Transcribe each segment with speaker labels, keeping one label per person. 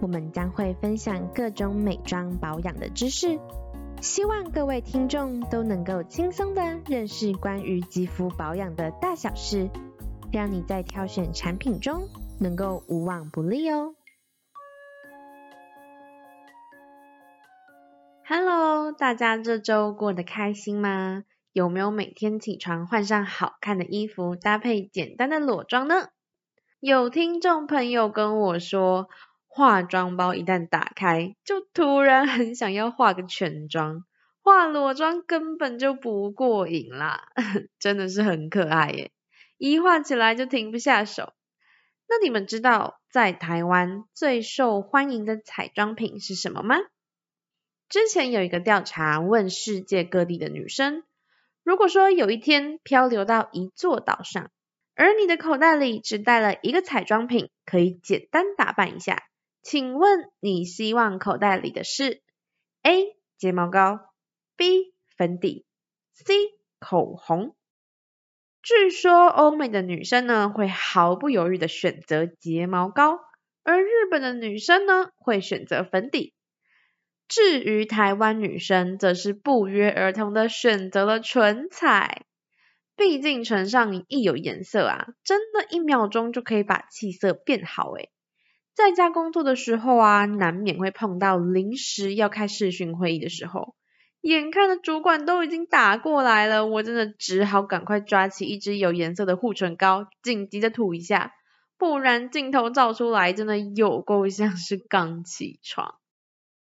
Speaker 1: 我們將會分享各種美妝保養的知識，希望各位聽眾都能夠輕鬆地認識關於肌膚保養的大小事，讓你在挑選產品中能夠無往不利哦。Hello，大家這周過得開心嗎？有沒有每天起床換上好看的衣服，搭配簡單的裸妝呢？有聽眾朋友跟我說。化妝包一旦打開，就突然很想要化個全妝，化裸妝根本就不過癮啦， 真的是很可愛耶，一化起來就停不下手。那你們知道在台灣最受歡迎的彩妝品是什麼嗎？之前有一個調查問世界各地的女生，如果說有一天漂流到一座島上，而你的口袋裡只帶了一個彩妝品，可以簡單打扮一下。請問你希望口袋裡的是 A. 睫毛膏，B. 粉底，C. 口紅。據說歐美的女生呢，會毫不猶豫的選擇睫毛膏，而日本的女生呢，會選擇粉底。至於台灣女生，則是不約而同的選擇了唇彩。畢竟唇上你一有顏色啊，真的，一秒鐘就可以把氣色變好誒。在家工作的時候啊，難免會碰到臨時要開視訊會議的時候，眼看的主管都已經打過來了，我真的只好趕快抓起一支有顏色的護唇膏，緊急的塗一下，不然鏡頭照出來真的有夠像是剛起床。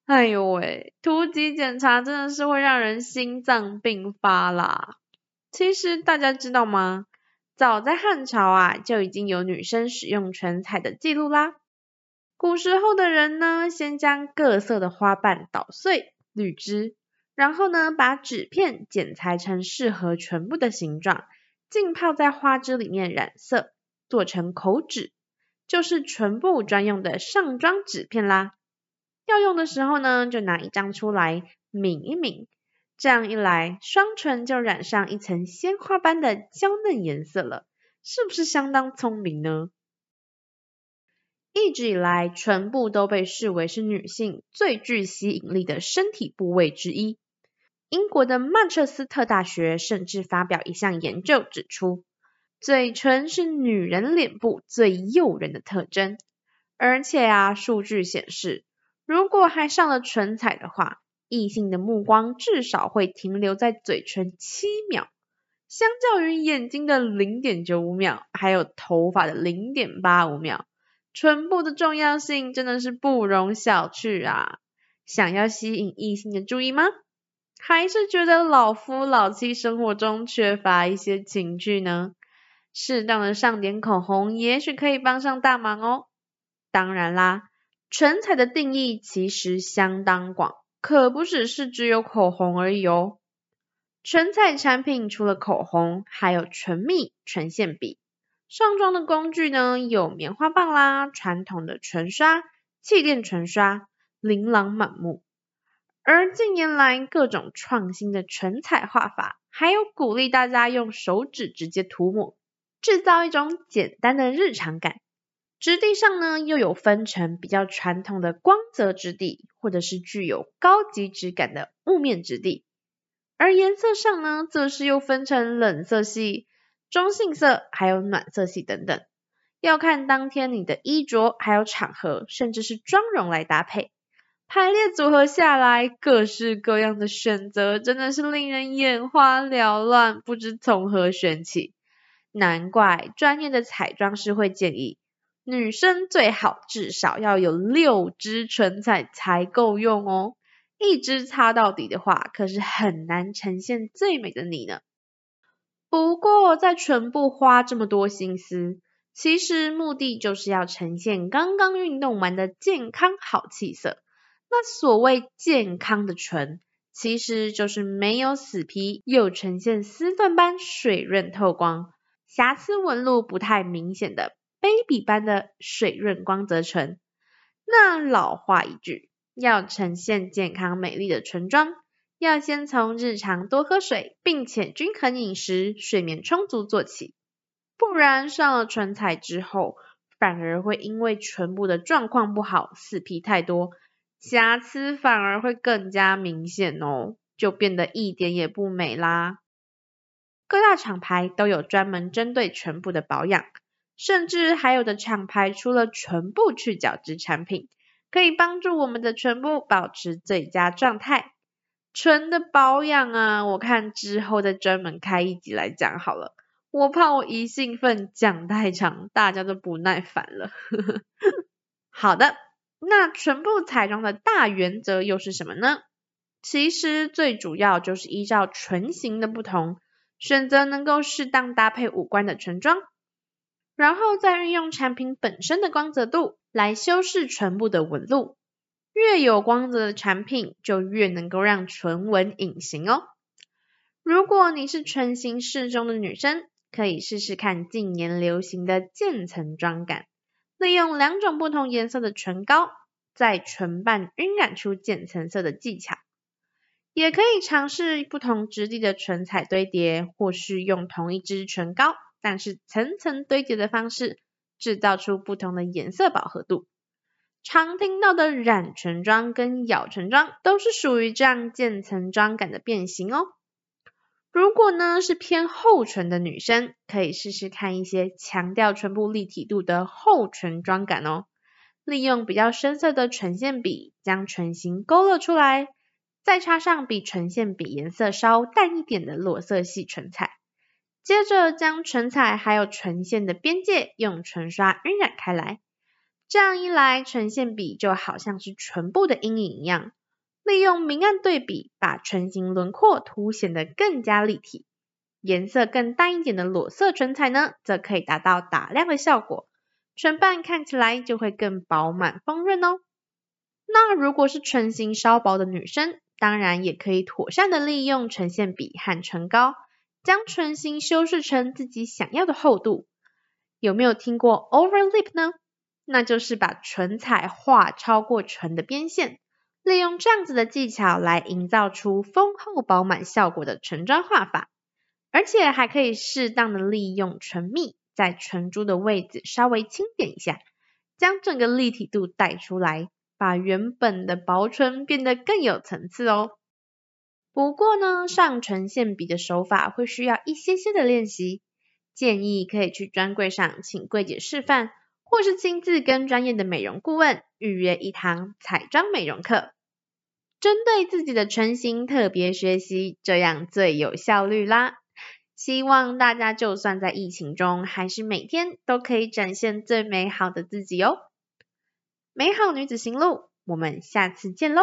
Speaker 1: 哎呦喂，突擊檢查真的是會讓人心臟病發啦！其實大家知道嗎？早在漢朝啊，就已經有女生使用唇彩的記錄啦。古時候的人呢，先將各色的花瓣搗碎、濾汁，然後呢，把紙片剪裁，成適合唇部的形狀，浸泡在花汁裡面染色，做成口紙，就是唇部專用的上妝紙片啦。要用的時候呢，就拿一張出來抿一抿，這樣一來，雙唇就染上一層鮮花般的嬌嫩顏色了，是不是相當聰明呢？一直以來，唇部都被視為是女性最具吸引力的身體部位之一。英國的曼徹斯特大學甚至發表一項研究，指出嘴唇是女人臉部最誘人的特徵。而且啊，數據顯示，如果還上了唇彩的話，異性的目光至少會停留在嘴唇七秒，相較於眼睛的零點九五秒，還有頭髮的零點八五秒。唇部的重要性真的是不容小覷啊！想要吸引異性的注意嗎？還是覺得老夫老妻生活中缺乏一些情趣呢？適當的上點口紅，也許可以幫上大忙哦。當然啦，唇彩的定義其實相當廣，可不只是只有口紅而已哦。唇彩產品除了口紅，還有唇蜜、唇線筆。上妝的工具呢，有棉花棒啦，傳統的唇刷、氣墊唇刷，琳琅滿目。而近年來各種創新的唇彩畫法，還有鼓勵大家用手指直接塗抹，製造一種簡單的日常感。質地上呢，又有分成比較傳統的光澤質地，或者是具有高級質感的霧面質地。而顏色上呢，則是又分成冷色系，中性色，還有暖色系等等，要看當天你的衣着，還有場合，甚至是妝容來搭配。排列組合下來，各式各樣的選擇真的是令人眼花繚亂，不知從何選起。難怪專業的彩妝師會建議，女生最好至少要有六支唇彩才夠用哦。一支擦到底的話，可是很難呈現最美的你呢。不過，在唇部花這麼多心思，其實目的就是要呈現剛剛運動完的健康好氣色。那所謂健康的唇，其實就是沒有死皮，又呈現絲緞般水潤透光，瑕疵紋路不太明顯的 baby 般的水潤光澤唇。那老話一句，要呈現健康美麗的唇妝，要先從日常多喝水，並且均衡飲食、睡眠充足做起，不然上了唇彩之後，反而會因為唇部的狀況不好，死皮太多，瑕疵反而會更加明顯哦，就變得一點也不美啦。各大廠牌都有專門針對唇部的保養，甚至還有的廠牌出了唇部去角質產品，可以幫助我們的唇部保持最佳狀態。唇的保養啊，我看之後再專門開一集來講好了，我怕我一興奮講太長，大家都不耐煩了。 好的，那唇部彩妝的大原則又是什麼呢？其實最主要就是依照唇形的不同，選擇能夠適當搭配五官的唇妝，然後再運用產品本身的光澤度來修飾唇部的紋路。越有光澤的產品，就越能夠讓唇紋隱形哦。如果你是唇形適中的女生，可以試試看近年流行的漸層妝感，利用兩種不同顏色的唇膏，在唇瓣暈染出漸層色的技巧。也可以嘗試不同質地的唇彩堆疊，或是用同一支唇膏，但是層層堆疊的方式，製造出不同的顏色飽和度。常聽到的染唇妝跟咬唇妝，都是屬於這樣漸層妝感的變形哦。如果呢是偏厚唇的女生，可以試試看一些強調唇部立體度的厚唇妝感哦。利用比較深色的唇線筆，將唇形勾勒出來，再插上比唇線筆顏色稍淡一點的裸色系唇彩，接着將唇彩還有唇線的邊界，用唇刷暈染開來。這樣一來，唇線筆就好像是唇部的陰影一樣，利用明暗對比，把唇形輪廓凸顯得更加立體。顏色更淡一點的裸色唇彩呢，則可以達到打亮的效果，唇瓣看起來就會更飽滿豐潤哦。那如果是唇形稍薄的女生，當然也可以妥善的利用唇線筆和唇膏，將唇形修飾成自己想要的厚度。有沒有聽過 overlip 呢？那就是把唇彩畫超過唇的邊線，利用這樣子的技巧來營造出豐厚飽滿效果的唇妝畫法，而且還可以適當的利用唇蜜，在唇珠的位置稍微輕點一下，將整個立體度帶出來，把原本的薄唇變得更有層次哦。不過呢，上唇線筆的手法會需要一些些的練習，建議可以去專櫃上請櫃姐示範。或是親自跟專業的美容顧問預約一堂彩妝美容課，針對自己的唇型特別學習，這樣最有效率啦！希望大家就算在疫情中，還是每天都可以展現最美好的自己哦！美好女子行路，我們下次見嘍！